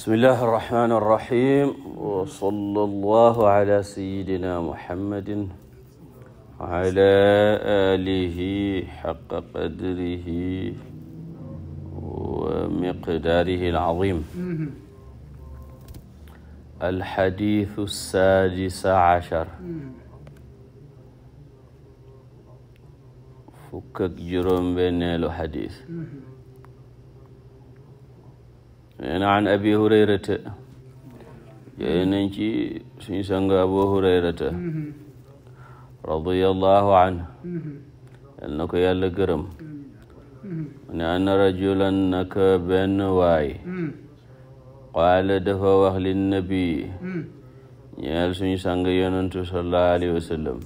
bismillahi irrahmani irrahim wasala allahu ala sayidina muhammadin wa ala alihi xaqa qadrihi wa miqdaarihi alazim alxadiisu saadisa ashar fukk ak juróom benneelu xadiis nee na an abi hurayrata jëlee nañ ci suñu sang abu hurayrata radiyallahu anhu yal na ko yàlla gërëm mu ne anna rajulan waay qaala dafa wax linnabi ñeel suñu sang yonantu sallallahu alayhi wa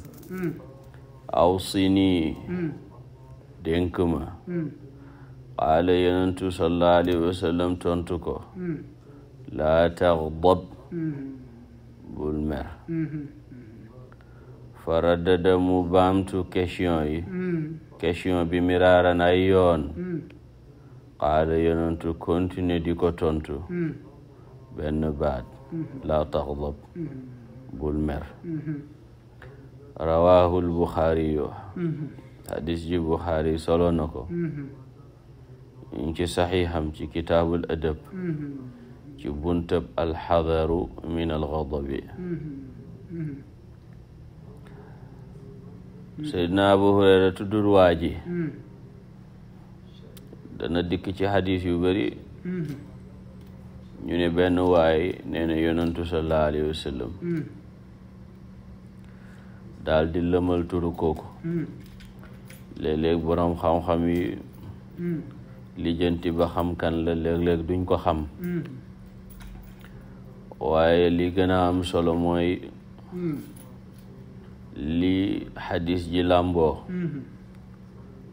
awsini dénk qaala yonentu sallallahu alayhi wa sallam tontu ko hmm. laa taxdab hmm. bul mer hmm. faradada mu baamtu question yi question bi miraaran ay yoon qaala yonentu continue di ko tontu benn baat laa taxdab bul mer rawaahu al-Buxaari yo hadis ji Buxaari solo na ko ñu ngi ci saxiixam ci kitaabul adab mm-hmm. ci buntab alxadaru min alxadabi mm-hmm. seydna abu hurayra tuddul ji mm-hmm. dana dikk ci xadis yu bëri ñu ne benn waay nee na yonantu sallallahu alayhi wa daal di lëmal turu kooku léeg-léeg boroom lijjanti ba xam kan la léeg-léeg duñ ko xam waaye li gën a am solo mooy li xadis ji làmboo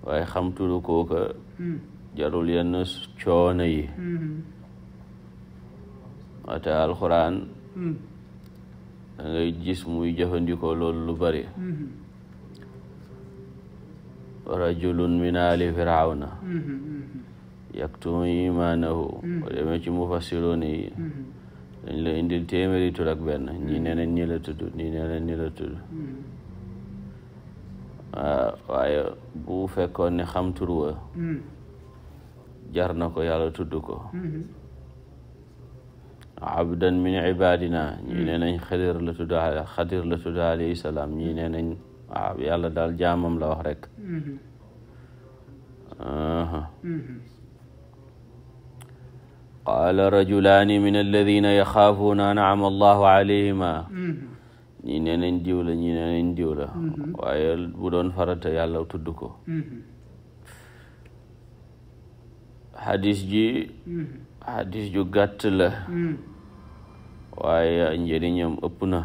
waaye xam tudd jarul yenn coono yi wate alxuraan da ngay gis muy jëfandikoo loolu lu bari rajulun min aali yaktumu imaanahu hmm. boo demee ci mufassiroon yi hmm. dañ la indil téeméeri tur ak benn ñii hmm. nee nañ ñi la tudd ñii nee nañ ñi la tudd waaw waaye bu fekkoon ne xam tur wa jar na ko yàlla tudd ko abdan min ibadina ñii nee nañ xadir la tudd xadir la tudd alayhi salaam ñii nee nañ waaw yàlla daal jaamam la wax rek qaala rajulaani min alladina yaxaafuuna anama allahu alayhima ñi nee nañ diw la ñi nee nañ diw la mm-hmm. waaye bu doon farata yàlla tudd ko xadis mm-hmm. ji xadis mm-hmm. ju gàtt la waaye njëriñam ëpp na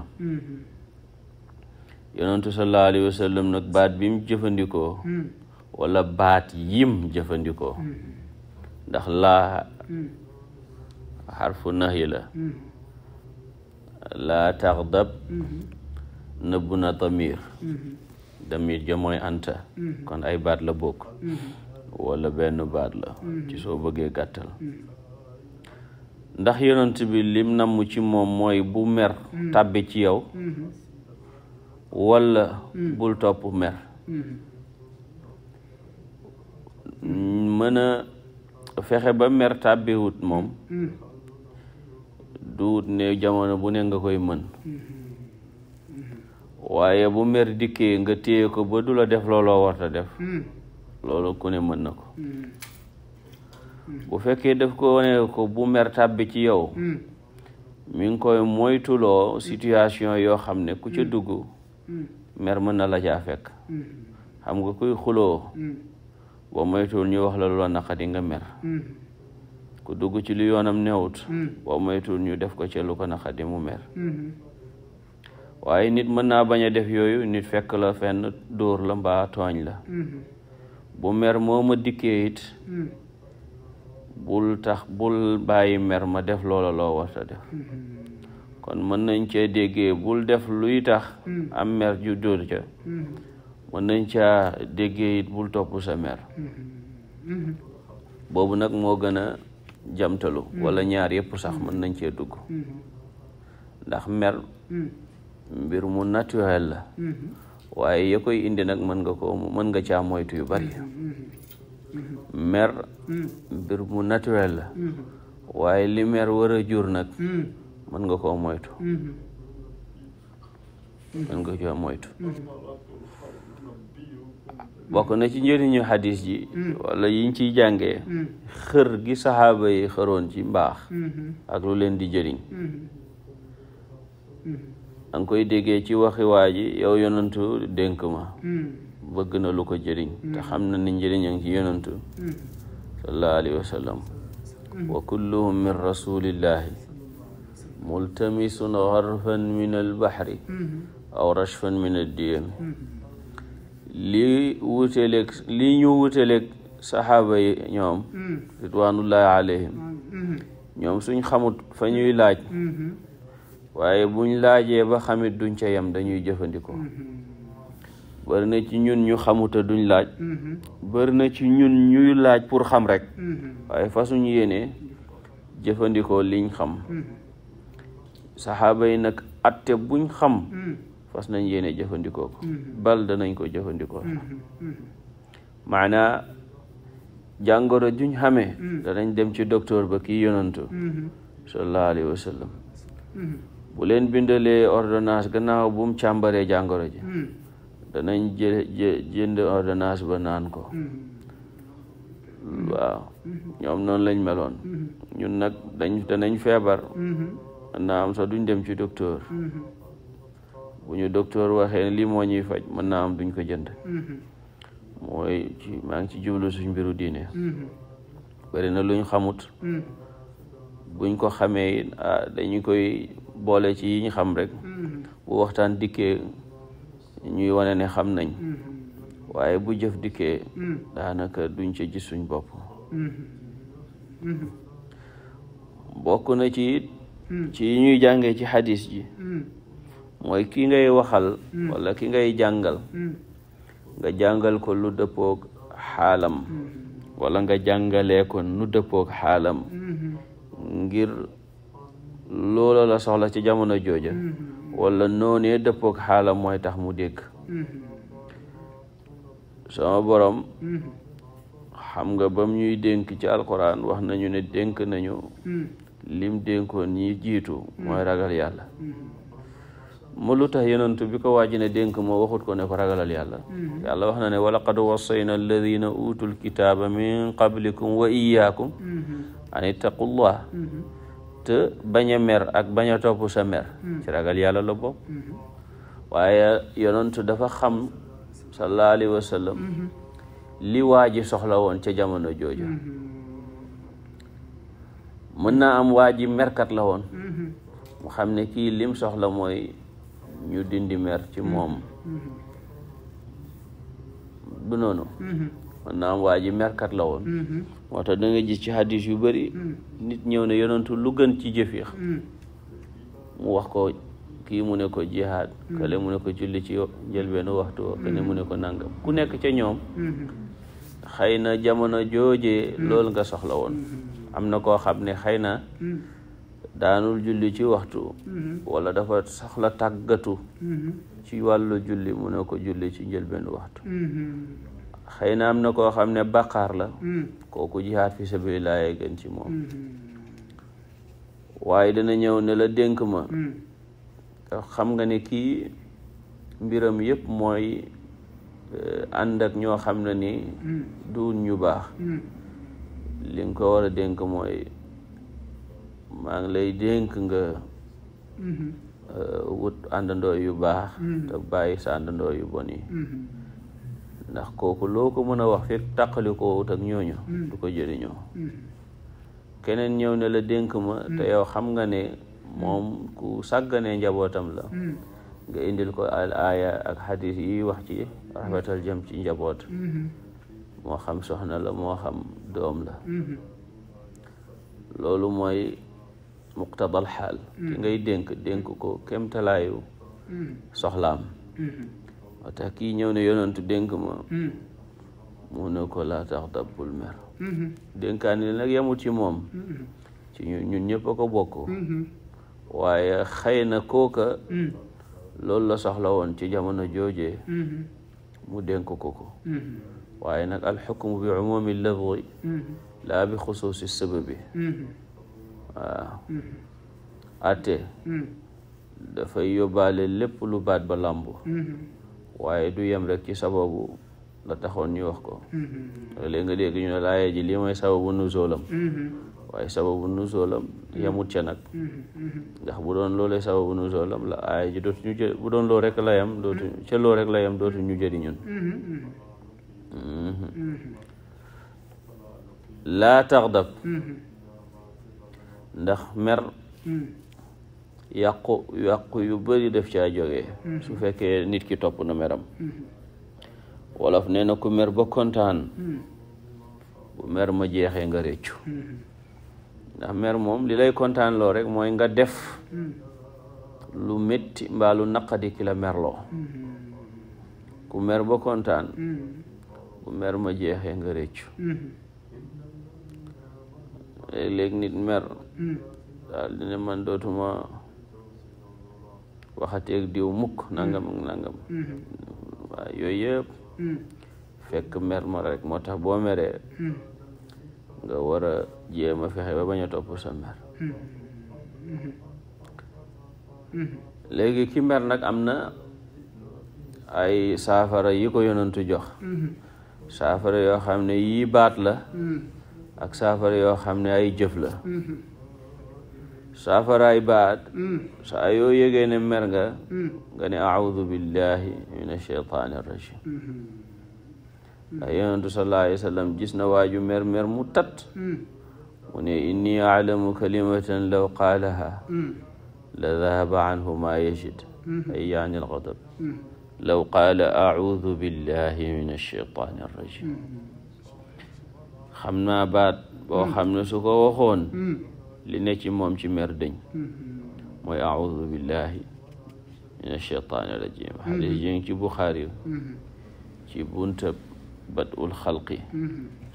yonentu sallallahu alayhi wa sallam nag baat bi mu jëfandikoo wala baat yim jëfandikoo ndax laa xarfu nahyi la mm-hmm. laa taxdab mm-hmm. nëbb na damir mm-hmm. damir ja mooy anta kon ay baat la bokk wala benn baat la ci soo bëggee gàttal ndax yonent bi lim namm ci moom mooy bu mer tàbbi ci yow wala bul topp mer mën fexe ba mer tàbbiwut moom duut ne jamono bu ne nga koy mën waaye bu mer dikkee nga téye ko ba du la def looloo warta def loolu ku ne mën na ko bu fekkee def ko wane ko bu mer tàbbi ci yow mu ngi koy moytuloo situation yoo xam ne ku ca dugg mer mën na la caa fekk xam nga kuy xuloo boo moytuwul ñu wax la lu la naqadi nga mer ku dugg ci lu yoonam newut mm. boo moytuwul ñu def ko ci lu ko naxadi mu mer mm-hmm. waaye nit mën naa bañ a def yooyu nit fekk la fenn dóor la mbaa tooñ la mm-hmm. bu mer moo ma dikkee it mm. bul tax bul bàyyi mer ma def loola loo warta def mm-hmm. kon mën nañ cee déggee bul def luy tax mm. am mer ju dóor ca mën nañ caa déggee it bul topp sa mer boobu nag moo gën a jamtalu hmm. wala ñaar yépp sax hmm. mën nañ cee dugg hmm. ndax mer mbir mu naturel la waaye ya indi nag mën nga ko nga caa moytu yu bari mer mbir mu naturel la waaye li mën nga ko moytu mën nga caa moytu bokk na ci njëriñu xadis ji mm. wala yiñ ciy jàngee mm. xër gi saxaaba yi xëroon ci mbaax mm-hmm. ak lu leen di jëriñ mm-hmm. mm-hmm. da koy déggee ci waxi waa ji yow yonantu ma mm. bëgg na lu ko jëriñ te xam na ni njëriñ a ngi ci yonantu sallallahu alayhi wa wa kulluhum min rasulillahi multamisun xarfan min albahri aw rashfan min addiyami lii wuteeleeg lii ñu wuteeleeg saxaaba yi ñoom mm-hmm. ridwanullahi alayhim mm-hmm. ñoom suñ xamut fa ñuy laaj mm-hmm. waaye buñ laajee ba xamit duñ ca yam dañuy jëfandikoo bari ci ñun ñu xamuta duñ laaj bari na ci ñun ñuy laaj pour xam rek waaye fa suñ yéenee jëfandikoo liñ xam saxaaba yi nag atte buñ xam fas nañ yéene jëfandikoo ko mm-hmm. bal danañ ko jëfandikoo mm-hmm. mm-hmm. maanaa jàngoro juñ xamee danañ dem ci docteur ba kii yonantu sallallahu alayhi wa bu leen bindalee ordonnance gannaaw bu mu càmbaree jàngoro ji danañ jë jënd ordonnance ba naan ko waaw ñoom noonu lañ meloon ñun nag dañ danañ feebar naa am duñ dem ci docteur bu ñu docteur waxee lii moo ñuy faj mën naa am duñ ko jënd mhm. mooy ci maa ngi ci jublu suñ mbiru diine mhm. bëri na luñ xamut mhm. buñ ko xamee ah, dañu koy boole ci yi ñu xam rek bu waxtaan dikkee ñuy wane ne xam nañ waaye bu jëf dikkee daanaka duñ ca gis suñ bopp bokk na ci ci ñuy jàngee ci xadis ji mooy kii ngay waxal mm. walla ki ngay jàngal mm. nga jàngal ko lu dëppook xaalam mm-hmm. wala nga jàngale ko nu dëppook xaalam mm-hmm. ngir loola la soxla ci jamono jooja mm-hmm. wala noonee dëppook xaalam mooy tax mu dégg sama boroom xam nga bam ñuy dénk ci alquran wax nañu ne dénk nañu mm. lim dénkoon ñi jiitu mooy ragal yàlla mu lu tax yonent bi ko waaji ne dénk moo waxut ko ne ko ragalal yàlla mm. yàlla wax na ne walaqad wassayna alladina utul kitaaba min qablikum wa iyaakum mm-hmm. an ittaqullah mm-hmm. te bañ mer ak bañ a sa mer mm. ci ragal yàlla la bopp mm-hmm. waaye yonent dafa xam sallallahu alayhi wa li waaji soxla woon ca jamono jooju mën na am waaji merkat la woon mu xam ne kii lim soxla mooy ñu dindi mer ci mm-hmm. moom mm-hmm. du noonu man mm-hmm. naam waa ji merkat la woon moo tax da nga gis ci hadis yu bari nit ñëw ne yonantu lu gën ci jëf yi mu wax ko kii mu ne ko jihaad kale mu ne ko julli ci njëlbeenu waxtu kale mu ne ko nangam ku nekk ca ñoom xëy na jamono jooje loolu nga soxla woon am na koo xam ne xay na daanul julli ci waxtu mm-hmm. wala dafa soxla tàggatu mm-hmm. ci wàllu julli mu ne ko julli ci njëlbenn waxtu mm-hmm. xëy na am na koo xam ne baqar la kooku jihaad fi sabilillah ci moom waaye dana ñëw ne la dénk ma xam nga ne kii mbiram yépp mooy eh, ànd ñoo xam ne ni duun ñu baax li ko war a dénk mooy maa ngi lay dénk nga mhm. euh, wut àndandoo yu baax mhm. te bàyyi sa àndandoo yu bon yi mhm. ndax kooku loo ko mën a wax fekk tàqali ko wut ak ñooñu du ko jëriñoo keneen ñëw ne la dénk ma te yow xam nga ne moom ku sàgganee njabootam la nga indil ko al aaya ak xadis yi wax ci rafetal jëm ci njaboot moo xam soxna la moo xam doom la loolu mooy muqtadal xaal mm. ki ngay dénk dénk ko kémtalaayu mm. soxlaam mm-hmm. moo tax kii ñëw ne yonantu dénk ma mm. mu ne ko laa tax dabbul mer mm-hmm. dénkaan li nag yemul ci moom mm-hmm. ci ñun ñëpp a ko bokk waaye xëy kooka loolu la soxla woon ci jamono joojee mu dénk ko ko waaye nag alxukmu bi umumi lafzi laa bi xusuusi sababi waaw atte mm-hmm. dafay yóbbaale lépp lu baat ba làmb mm-hmm. waaye du yem rek ci sababu la taxoon ñu wax ko mm-hmm. léeg nga dégg ñu ne laaya ji li mooy sababu nuzoolam waaye sababu nuzoolam yemut ca nag ndax bu doon loolee sababu nuzoolam la aaya ji dootu ñu jë bu doon loo rek la yem dootu ca yem dootu ñu jëriñun laa taxdab ndax mer hmm. yàqu yàqu yu bari def caa jóge hmm. su fekkee nit ki topp na meram hmm. wolof nee na ku mer ba kontaan bu mer ma jeexee nga réccu ndax mer moom li lay kontaan loo rek mooy nga def lu metti mbaa lu naqadi ki merloo ku mer ba kontaan bu mer ma jeexee nga réccu léeg-léeg nit mer hmm. daal dina man dootuma waxateeg diw mukk hmm. nangam ak nangam hmm. waaw yooyu yëpp fekk mer ma rek moo tax boo meree nga war a jéem a fexe ba bañ a topp sa mer léegi ki mer nag am na ay saafara yi ko yonantu jox saafara yoo xam ne yii baat la ak saafara yoo xam ne ay jëf la mm-hmm. saafara ay baat mm. saa yoo yëgee ne mer nga mm. nga ne audu billahi min ashaytaani arrajim ndax mm-hmm. yonentu sallallahu alayhi wa sallam gis na waaju mer mer mu tat mm. mu ne inni aalamu kalimatan law qaalaha la dahaba anhu ma yajid mm-hmm. ay yaani algadab law qaala audu billahi min ashaytaani arrajim xam naa baat boo hmm. xam ne su ko waxoon hmm. li ne ci moom ci mer dëñ hmm, mooy audu billahi min alcheytaani rajim xadis jëng ci buxaari ci buntab badul xalqi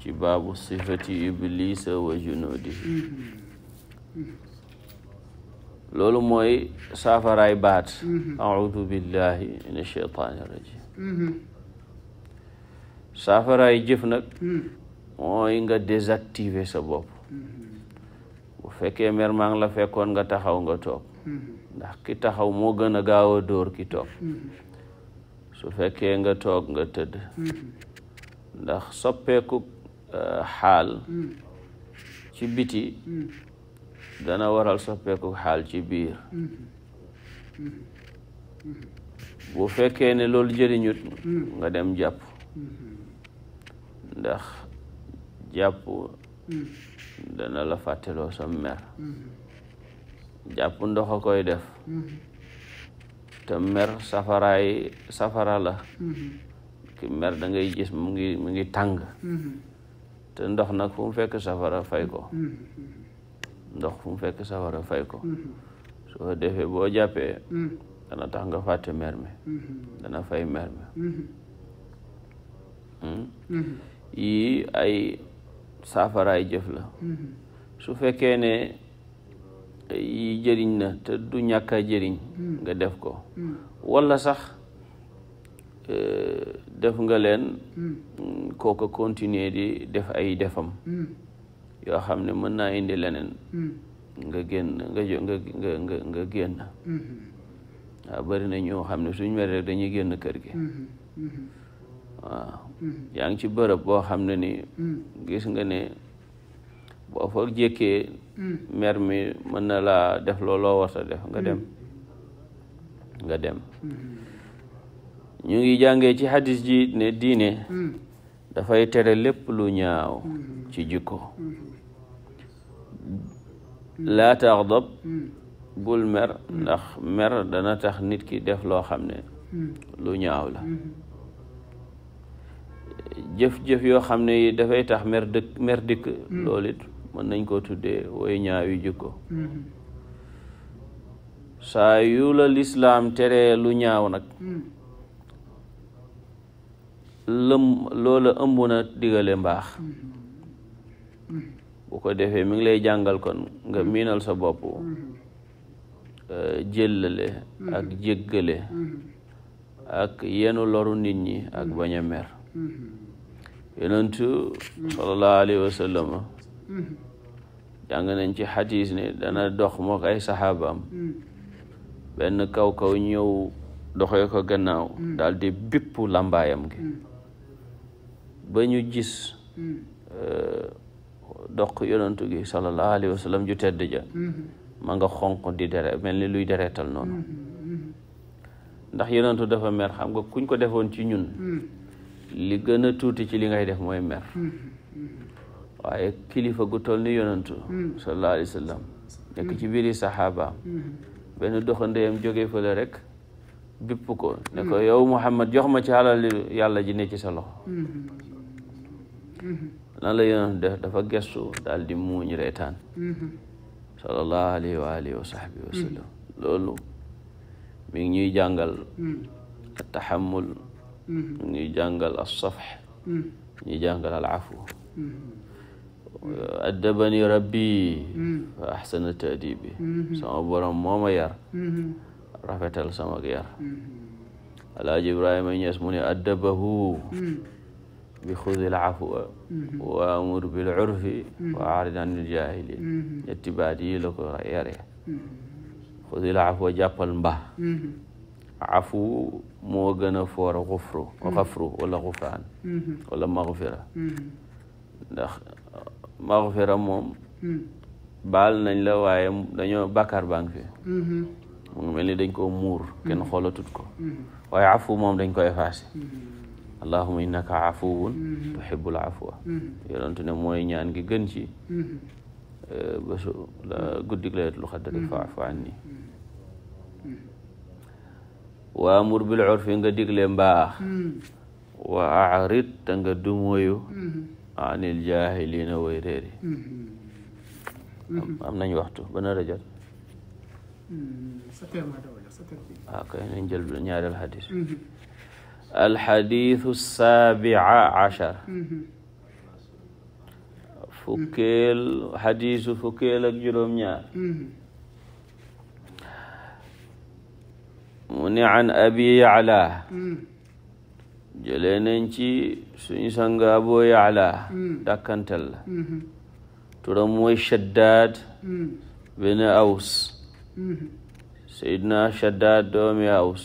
ci baabu sifati iblisa wa junuudihi loolu mooy saafaraay baat audu billahi min alcheytaani rajim saafaraay jëf nag mooy nga désactiver sa bopp bu fekkee mer maa la fekkoon nga taxaw nga toog ndax ki taxaw moo gën a gaaw a dóor ki toog su fekkee nga toog nga tëdd ndax soppeeku euh, xaal ci biti dana waral soppeeku xaal ci biir boo fekkee ne loolu jëriñut nga dem jàpp ndax jàpp hmm. dana la fàtteloo sa mer hmm. jàpp ndox a koy def hmm. te mer safaraay safara la ki mer da ngay gis mu ngi mu ngi tàng te ndox nag fu fekk safara fay ko ndox fu fekk safara fay ko soo defee boo jàppee dana tax nga fàtte mer mi dana fay mer mi yii ay saafaraay jëf la mm-hmm. su fekkee ne yi jëriñ na te du ñàkka jëriñ mm-hmm. nga def ko mm-hmm. walla sax euh, def nga leen kooka continuer di def ay defam yoo xam ne mën naa indi leneen nga génn nga jo nga nga nga génn waaw bëri na ñoo xam ne suñ mer dañuy génn kër gi waaw yaa ngi ci bërëb boo xam ne ni mm. gis nga ne boo fa jékkee mm. mer mi mën na laa def loo warta def nga dem mm. nga dem mm-hmm. ñu ngi jàngee ci hadis ji ne diine dafay tere lépp lu ñaaw mm-hmm. ci jikko mm-hmm. laa taxdab bul mer ndax mer dana tax nit ki def loo xam ne lu ñaaw la jëf-jëf yoo xam ne yi dafay tax mer dëkk mer dikk mm-hmm. loolu mën nañ koo tuddee woy ñaawi jikko mm-hmm. saa yu la lislaam tere lu ñaaw nag mm-hmm. lëm loola ëmb na digale mbaax bu ko defee mi ngi lay jàngal kon nga miinal sa bopp euh, jëllale ak jéggale ak yenu loru nit ñi ak bañ mer yonentu sallallahu alayhi wa jàng nañ ci xadis ne dana dox mook ay saxaabaam benn kaw-kaw ñëw doxee ko gannaaw daal di bipp làmbaayam gi ba ñu gis euh, dox yonentu gi sallallahu alayhi wa ju tedd ja ma nga xonq di dere mel ni luy deretal noonu ndax yonentu dafa mer xam nga kuñ ko defoon ci ñun li gën a tuuti ci li ngay def mooy mer mm-hmm. Mm-hmm. waaye kilifa gu toll ni yonantu mm-hmm. sallallahu alayhi wa sallam nekk ci biiri saxaabaam benn doxandeyam jógee fële rek bipp ko ne ko yow Muhammad jox ma ci alal yàlla ji ne ci sa loxo lan la yonantu dafa gestu daal di muuñ reetaan sallallahu alayhi wa alihi wa sahbihi wa sallam loolu mi ñuy jàngal taxamul Mm-hmm. ñuy jàngal alsafx mm-hmm. ñuy jàngal alafu mm-hmm. addabani rabbi fa ahsana taadibi sama borom mooma yar rafetal sama yar alaaji ibrahima ñees mu ne addabahu bi xudi alafwa wa amur bil urfi wa arid anil jahilin ñetti baat yi la ko yare xudi alafwa jàppal mba afu moo gën a foor xufru mm-hmm. wala xufraan mm-hmm. wala maxfira mm-hmm. uh, moom baal nañ la waaye dañoo bàkkaar baa ngi mel ni dañ ko muur kenn xoolatut ko waaye afu moom dañ ko effacé allahuma innaka afuwun tuhibbul afwa yonentu ne mooy ñaan gi gën ci uh, bésu la guddig wa amur bil urfi nga digle mbaax hmm. wa arid ta nga dumoyu hmm. anil jahilina way réeri hmm. am nañ waxtu ba nar a jot waaw ah, kay nañ jël ñaareel xadis alxadisu sabia achar fukkeel xadisu fukkeel ak juróom-ñaar mu ne an abi yacla mm. jëlee nañ ci suñu sanga aboo yacla mm. dàkkantal la mm-hmm. turam mooy shaddaad mm. bin aws mm-hmm. sayidna shaddaad doomi aws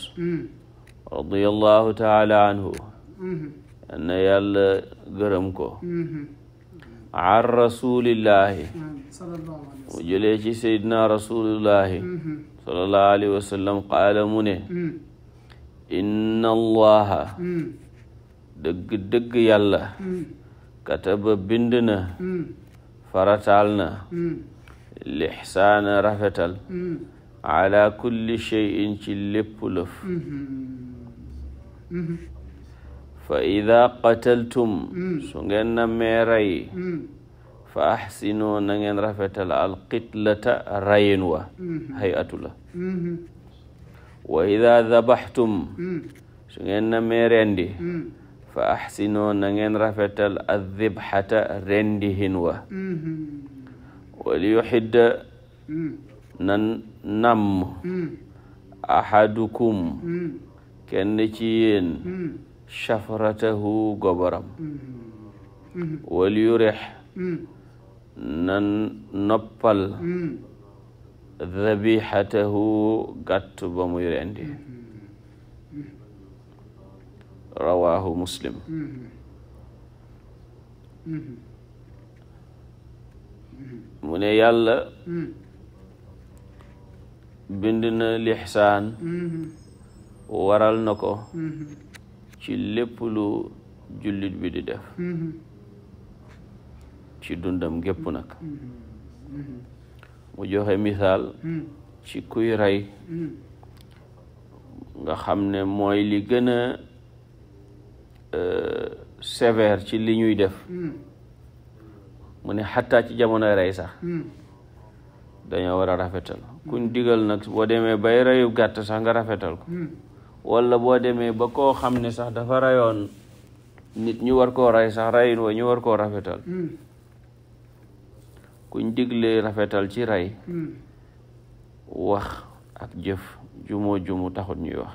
radiallahu taala anhu mm-hmm. na yàlla gërëm ko an rasulillahi mu jëlee ci sayidna rasulillahi sallallahu alayhi wa sallam qaala mu ne mm. inna allaha dëgg-dëgg mm. yàlla mm. kataba bind na farataal na lixsaana rafetal ala kulli cheyin ci lépp lëf mm-hmm. Mm-hmm. fa ida qataltum su ngeen na meeray fa ahsinu na ngeen rafetal alqitlata rayin wa mhm. hayatu la mhm. wa ida dabaxtum mhm. su ngeen namee rendi fa ahsinu na ngeen rafetal aldibxata rendihin wa waliyuxidda nan namm ahadukum kenn ci yéen chafratahu gobaram waliyurix nan noppal mm. zabihatahu gàtt ba muy rendi mm-hmm. mm-hmm. rawahu muslim mm-hmm. mu ne yàlla bind na lixsaan waral na ko ci lépp lu jullit bi di def ci dundam gépp mm-hmm. nag mm-hmm. mu joxe misaal mm-hmm. ci kuy rey nga xam ne mooy li gën a euh, sévère ci li ñuy def mu ne xataa ci jamono rey sax dañoo war a rafetal kuñ digal nag boo demee bay reyu gàtt sax nga rafetal ko wala boo demee ba koo xam ne sax dafa reyoon nit ñu war koo rey sax reyin wa ñu war koo rafetal kuñ digle rafetal ci ray wax ak jëf jumoo jumu taxut ñuy wax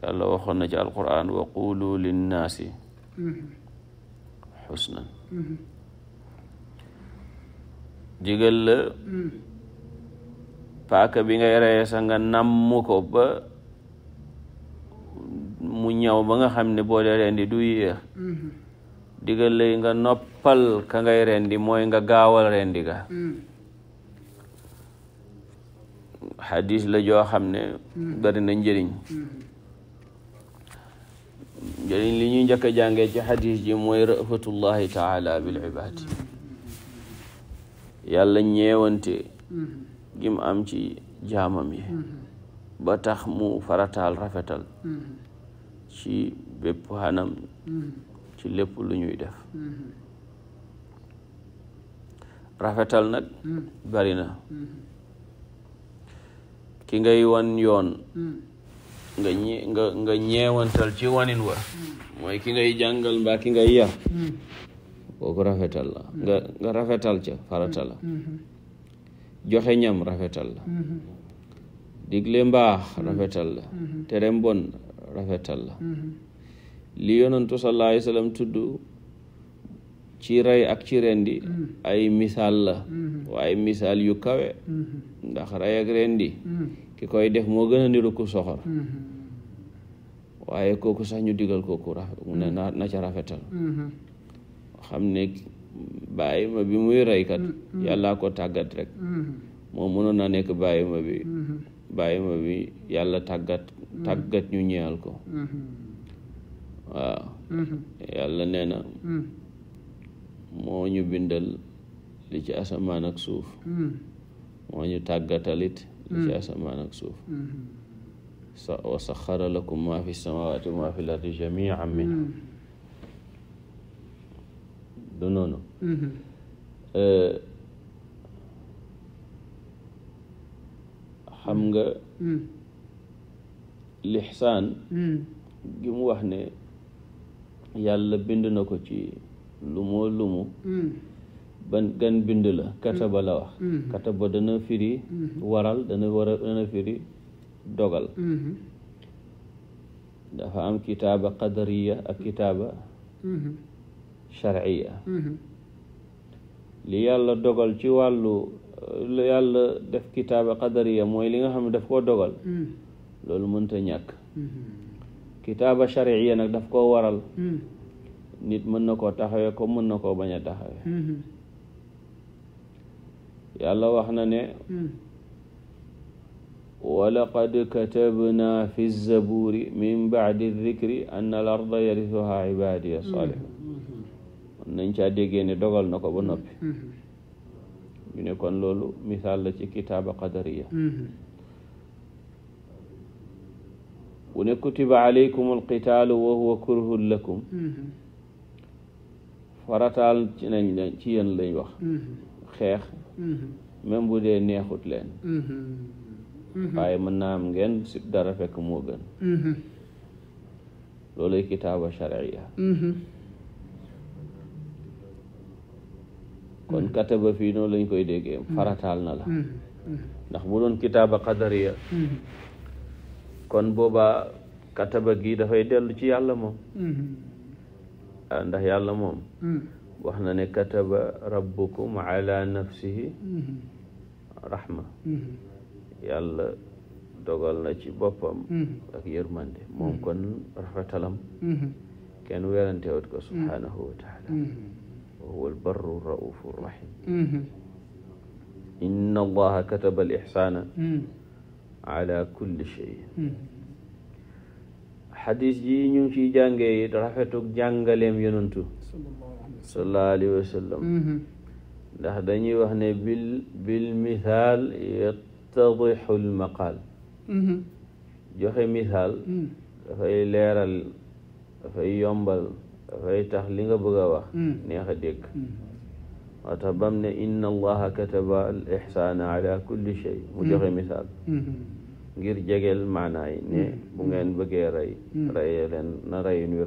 yàlla waxoon na ci alquran wa qulu linnaasi xusnan digal la paaka bi nga reyee sa nga namm ko ba mu ñaw ba nga xam ne boo dee rendi du yéex digal lay nga noppal ka ngay rendi mooy nga gaawal rendi ga xadis la joo xam ne bari na njëriñ njëriñ li ñuy njëkk a jàngee ci xadis ji mooy rafatullahi taala bil ibaad yàlla ñeewante gim am ci jaamam yi ba tax mu farataal rafetal ci bépp xanam ci lépp lu ñuy def mm-hmm. rafetal nag mm-hmm. bari na mm-hmm. ki ngay wan yoon nga ñe ci wanin wa mooy ki ngay jàngal mbaa ki ngay yar kooku rafetal nga nga rafetal ca farata joxe ñam rafetal la digle mbaax rafetal la tere mbon rafetal la li yonantu sallallahu alayhi wa tudd ci rey ak ci rendi mm-hmm. ay misaal la mm-hmm. waaye misaal yu kawe mm-hmm. ndax rey ak rendi ki koy def moo gën a ni ku soxor waaye kooku sax ñu digal kooku rafet mu ne na na ca rafetal xam ne bàyyi ma bi muy reykat yàlla ko tàggat rek moo mënoon naa nekk bàyyi ma bi bàyyi bi yàlla tàggat tàggat ñu ñeyal ko waaw mm-hmm. yàlla nee na mm. moo ñu bindal li ci asamaan ak suuf mm. moo li ci mm. asamaan ak mm-hmm. wa saxara lakum maa fi samawaati wa maa fi lardi jamian min du noonu mm-hmm. eh, xam nga lixsaan wax ne yàlla bind na ko ci lumoo lumu hmm. ban gan bind la hmm. kataba la wax hmm. kataba dana firi waral dana wara dana firi dogal dafa am kitaaba qadariya ak kitaaba sharciya li yàlla dogal ci wàllu lu yàlla def kitaaba qadariya mooy li nga xam ne daf koo dogal loolu mënta ñàkk kitaaba shariya nag daf koo waral hmm. nit mën na koo taxawee ko mën na koo baña a hmm. yàlla wax na ne hmm. walaqad katabna fi zabuuri min bacdi dikri an arda yarisuha ibadiya saalihun mën nañ caa déggee ne dogal na ko ba noppi ñu ne kon loolu misaal la ci kitaaba qadariya bu ne kutiba alaykum alqitaalu wa huwa kurhun lakum farataal ci nañ leen ci yéen lañ wax xeex même bu dee neexut leen waaye mën naa am ngeen si dara fekk moo gën looluy kitaaba shariya kon kataba fii noonu lañ koy déggee farataal na la ndax bu doon kitaaba qadariya kon booba kataba gi dafay dellu ci yàlla moom mm-hmm. ah, ndax yàlla moom mm-hmm. wax na ne kataba rabbukum ala nafsihi mm-hmm. rahma yàlla dogal na ci boppam ak yërmande moom kon rafetalam kenn werante wut ko subhanahu wa taala wa huwa albarru rahim inna allaha kataba al ihsana ala kulli shay hmm. xadis ji ñu ngi ciy jàngee it rafetug jàngaleem yonantu sallallahu alayhi wa sallam hmm. ndax dañuy wax ne bil bil mithaal yattadixu lmaqaal hmm. joxe mithaal dafay leeral dafay yombal dafay tax li nga bëgg a wax neex a dégg moo tax bam ne inna allaha kataba al ixsaana ala kulli shay mu joxe mithaal ngir jegeel maanaay ne hmm. bu ngeen bëggee rey hmm. reyee hmm. rendi na rendi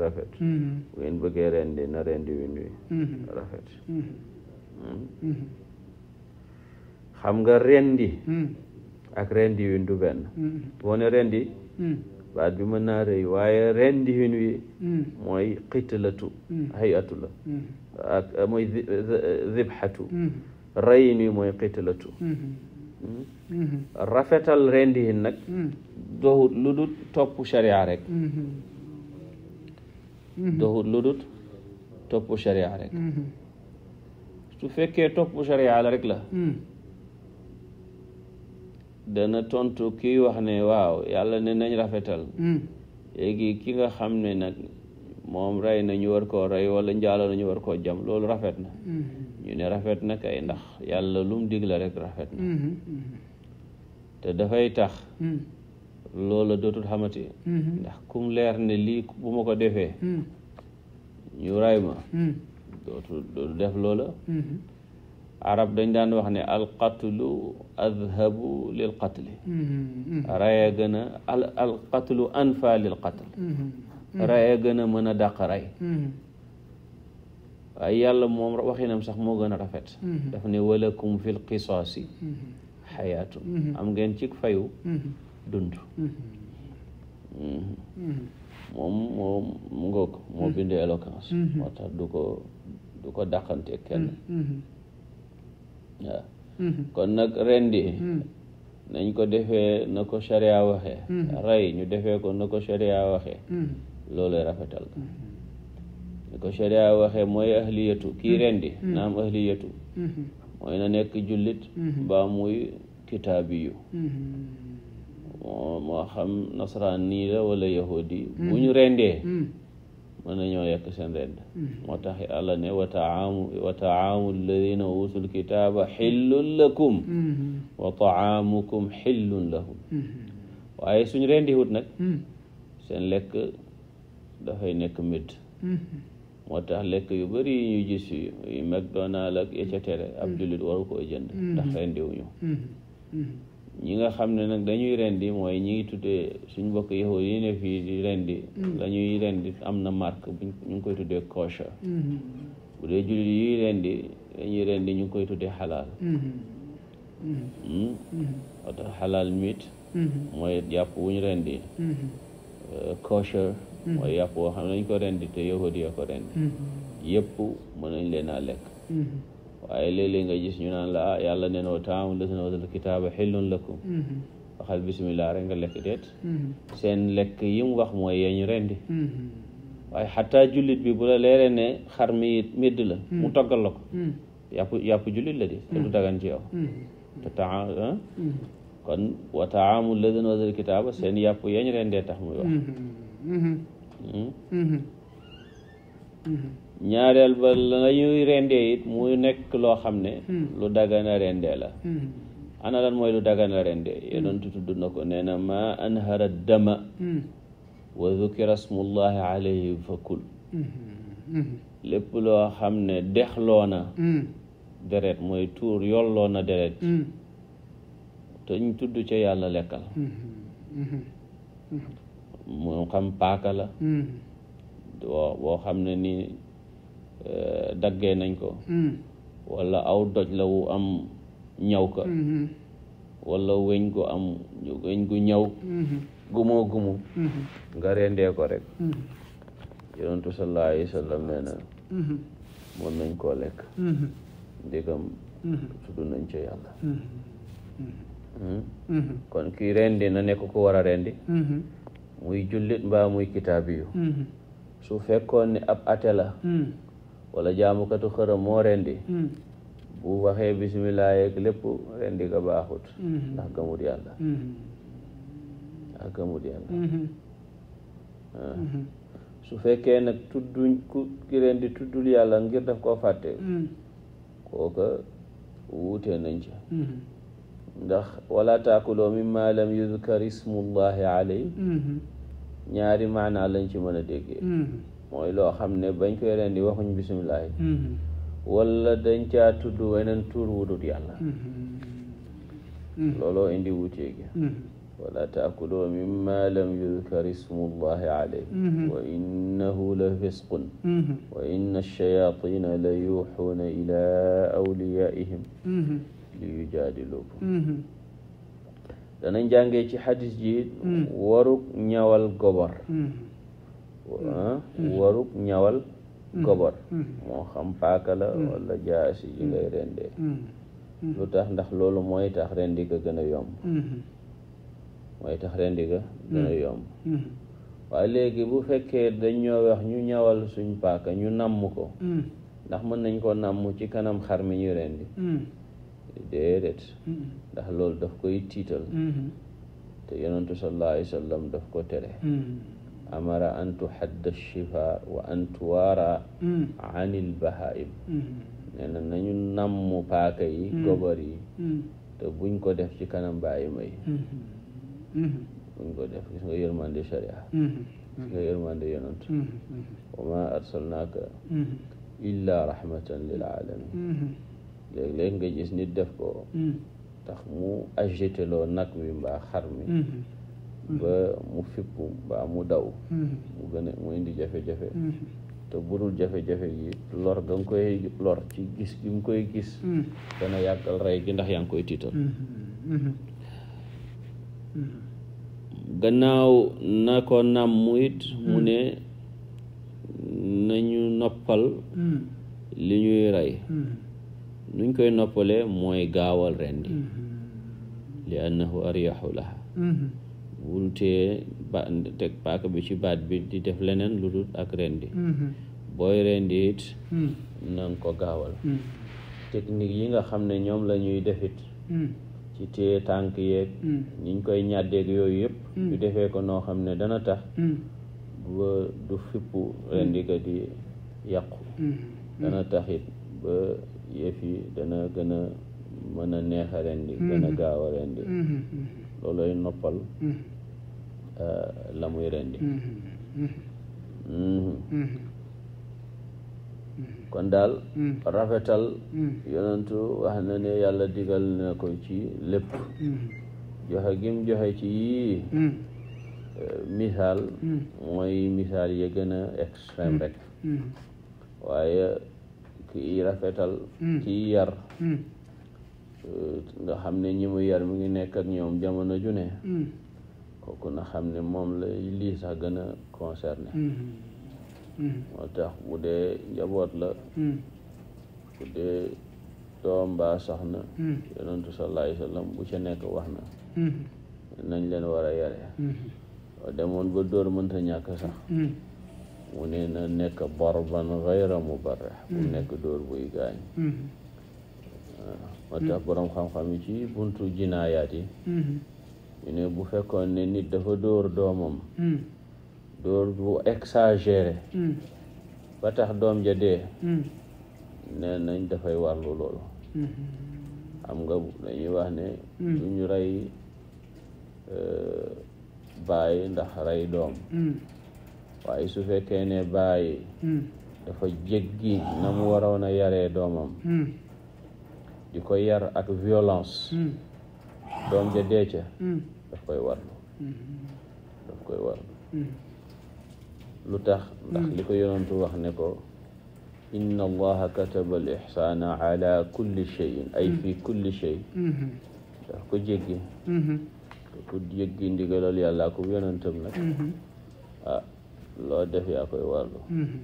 wi rafet xam nga rendi ak rendi win du benn boo rendi baat bi mën naa waaye rendi win wi mooy xitalatu hayatu la eh, mooy zibxatu reyin wi mooy xitalatu Mm-hmm. rafetal rendi nag mm-hmm. doxut lu dut topp sharia rek mm-hmm. doxut lu dut topp sharia rek su fekkee topp sharia la rek la mm. dana tontu kiy wax ne waaw yàlla ne nañ rafetal mm. léegi ki nga xam ne nag moom rey na ñu war koo rey wala njaalo na ñu war koo jam loolu rafet na mm-hmm. ñu ne rafet na kay ndax yàlla lu mu rek rafet na mm-hmm. Mm-hmm. te dafay tax mm. loola dootul xamati ndax kum leer ne lii bu ma ko defee mm. ñu ray ma mm. dootul dootul def loola arab dañ daan wax ne al qatlu adhabu lil qatli raya gën a al al qatlu anfa lil qatl Hmm. rey a gën a mën a dàq rey hmm. waaye yàlla moom waxinam sax moo gën a rafet hmm. daf ne walakum fil qisaasi xayaatun am ngeen ci fayu dund moom moom mu ngoog moo bind éloquence moo du ko du dàqante kenn kon nag rendi nañ ko defee na ko sharia waxee rey ñu defee ko na ko sharia waxee loolooy rafetal li ko sharia waxee mooy ahliyatu kii mm-hmm. rendi mm-hmm. na ahliyatu mm-hmm. mooy na jullit ba muy kitaabiyu moo xam nasaraan la wala yahudi bu ñu rendee mën nañoo yekk seen rend moo tax àlla ne wa taamu wa taamu alladina utul kitaaba lakum wa taamukum xillun lahum waaye suñ rendi wut nag lekk dafay nekk mit mm-hmm. moo tax lekk yu bari yi ñu yu McDonald ak et cetera mm-hmm. ab jullit waru jënd mm-hmm. ndax rendiwuñu ñi nga xam ne nag dañuy rendi mooy ñi ngi tuddee suñ mbokk yahud yi ne fii rendi la rendi am na marque bu ñu koy tuddee kosher bu dee jullit yuy rendi dañuy rendi ñu koy tuddee xalaal hmm? moo tax xalaal mit mooy jàpp wuñ rendi euh, kosher mooy yàpp woo xam ne dañ ko rendi te yahud ya ko rendi mm-hmm. yëpp mën nañ leen a lekk mm-hmm. waaye léeg-léeg nga gis ñu naan la ah yàlla neen wa taamu lasina wasal kitaaba xillun lakum mm-hmm. lekk deet seen lekk yi mu wax mooy yeñ rendi waaye jullit bi bu la leeree ne xar mi medd mu toggal la yàpp jullit la di te du dagan ci ah? kon wa taamu lasina wasal kitaaba seen yàpp yeñ rendee tax muy wax ñaareel ba la ñuy rendee it mu nekk loo xam ne lu dagana rendee la ana mooy lu dagana rendee yonent tudd na ko nee na ma anhara dama wa dhukira smullahi lépp loo xam ne dexloo na deret mooy tuur yolloo na deret te ñu tudd ci yàlla lekkal moo xam paaka la boo hmm. xam ne ni eh, daggee nañ ko hmm. wala aw doj la wu am ñaw ka hmm. wala weñ gu am weñ gu ñaw gumoo gumu nga rendee ko rek yonentu sallallahu alayhi wa sallam nee na mën nañ koo lekk ndegam tudd nañ ca yàlla kon kii rendi na nekk ku war a rendi muy jullit mbaa muy kitaabiyu mm-hmm. su fekkoon ni ab ate la mm-hmm. wala jaamukatu xërëm moo rendi mm-hmm. bu waxee bisimilah yeeg lépp rendi nga baaxut ndax gëmut yàlla ndax gëmut yàlla ah. su fekkee nag tudduñ ku ki rendi tuddul yàlla ngir def koo fàtte kooka wuute nañ ci ndax wala taakuloo mimma lam yudkar ismullahi alay mhm. ñaari maanaa lañ ci mën a déggee mhm. mooy loo xam ne bañ koy rendi waxuñ bisimilahi mhm. wala dañ caa tudd weneen tuur wudut yàlla looloo indi wutee gi wala taakuloo mimma lam yudkar ismullahi alay wa innahu la fisqun wa inna alchayatina la yuxuuna ila awliyaihim li yu jaadiluukum mm-hmm. danañ jàngee ci xadis ji mm-hmm. waruk ñawal ñawal gobar mm-hmm. Ah, moo xam paaka la wala jaasi ji ngay rendee lu tax ndax loolu mooy tax rendi ga gën a yomb mooy tax rendi ga gën a yomb waaye léegi bu fekkee dañ ñoo wax ñu ñawal suñ paaka ñu nàmm ko ndax mën nañ ko namm ci kanam xar mi ñu rendi déedéet mm-hmm. ndax loolu daf koy tiital mm-hmm. te yonentu sallallahu alayhi wa sallam daf ko tere mm-hmm. amara an tuhadda shifa wa an tuwaara anil bahaim nee na nañu namm paaka yi gobar te buñ ko def ci kanam bahaima yi buñ ko def gis nga yërmande sharia gis nga yërmande yonent ma arsalnaaka illa rahmatan lil léeg-léeg nga gis nit def ko hmm. tax mu agité loo nag wi mbaa xar mi hmm. Hmm. ba mu fippu mbaa mu daw mu gën a mu indi jafe-jafe te budul jafe-jafe yi lor ga nga koy lor ci gis gi mu koy gis dana yàggal rey gi ndax yaa ngi koy tiital gannaaw na ko nàmm it mu ne nañu noppal li ñuy rey nuñ koy noppalee mooy gaawal rendi mm-hmm. li annahu aryaxu laha mm-hmm. bul tee ba teg paaka bi ci baat bi di def leneen lu dul ak rendi mm-hmm. booy rendi it nanga ko gaawal technique yi nga xam ne ñoom la ñuy defit ci téye tànk yeeg niñ koy ñàddeeg yooyu yëpp ñu defee ko noo xam ne dana tax ba du fippu rendi ka di yàqu dana taxit ba yëf yi dana gën a mën a neex a rendi mm-hmm. gën gaaw a rendi mm-hmm. looloy noppal mm-hmm. uh, la rendi kon daal rafetal yonentu wax na ne yàlla digal na ko ci lépp joxe gim joxe ci yii uh, misaal mooy misaal ya gën a extrême rek waaye kii rafetal hmm. kii yar hmm. euh, nga xam ne ñi mu yar mi ngi nekkat ñoom jamono ju ne hmm. kooku na xam ne moom la lii sax gën a concerné moo tax bu dee njaboot la bu dee doom mbaa soxna yonentu sallallahu alayhi bu ca nekk wax na nañ leen war a yare demoon ba dóor mënta ñàkk sax mu ne na nekk borban xayra mubarrih mu mm-hmm. nekk dóor buy gaañ mm-hmm. moo tax mm-hmm. boroom xam-xam yi ci buntu jinaayaat yi ñu ne bu fekkoon ne nit dafa dóor doomam dóor bu exagéré ba tax doom ja dee nee nañ dafay warlu loolu xam nga dañuy wax ne duñu rey euh, bàyyi ndax rey doom waaye su fekkee ne bàyyi hmm. dafa jéggi na mu waroon a yaree doomam hmm. di ko yar ak violence hmm. doom ja dee daf koy warlu koy lu tax ndax li ko yonantu wax ne ko inna allaha kataba al ihsana ala kulli cheyin ay fi kulli chey daf ko jéggi ku jéggi ndigalal yàlla ku yonantam nag ah, loo def yaa koy warlu mm-hmm.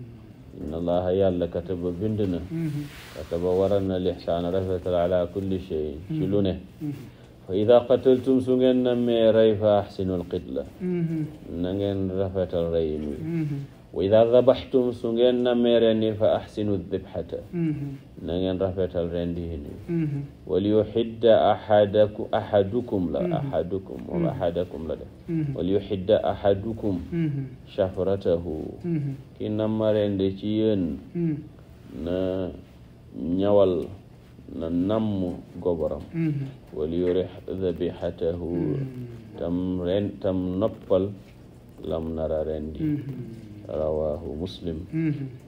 inna allaha yàlla kataba bind na mm-hmm. kataba waral na lixsaan rafetal ala kulli shay ci lu ne mm-hmm. fa ida qataltum su ngeen nammee rey fa axsinul qitla na ngeen rafetal rey mi wa ida dabaxtum su ngeen namee rendi fa axsinu dibxata na ngeen rafetal rendi hini wal yuxidda axadaku axadukum la axadukum moom axadakum la def wal yuxidda axadukum shafratahu ki nama rendi ci yéen na ñawal na namm goboram wal yurix dabixatahu tam ren tam noppal lam nara rendi rawaahu muslim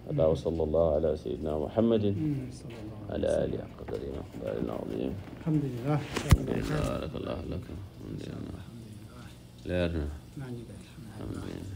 ala wa sallallahu ala sayyidina muhammadin wa ala alihi haqqa qadrihi wa miqdaarihil aziim alhamdulillah baarakallahu lak leer na alhamdulillah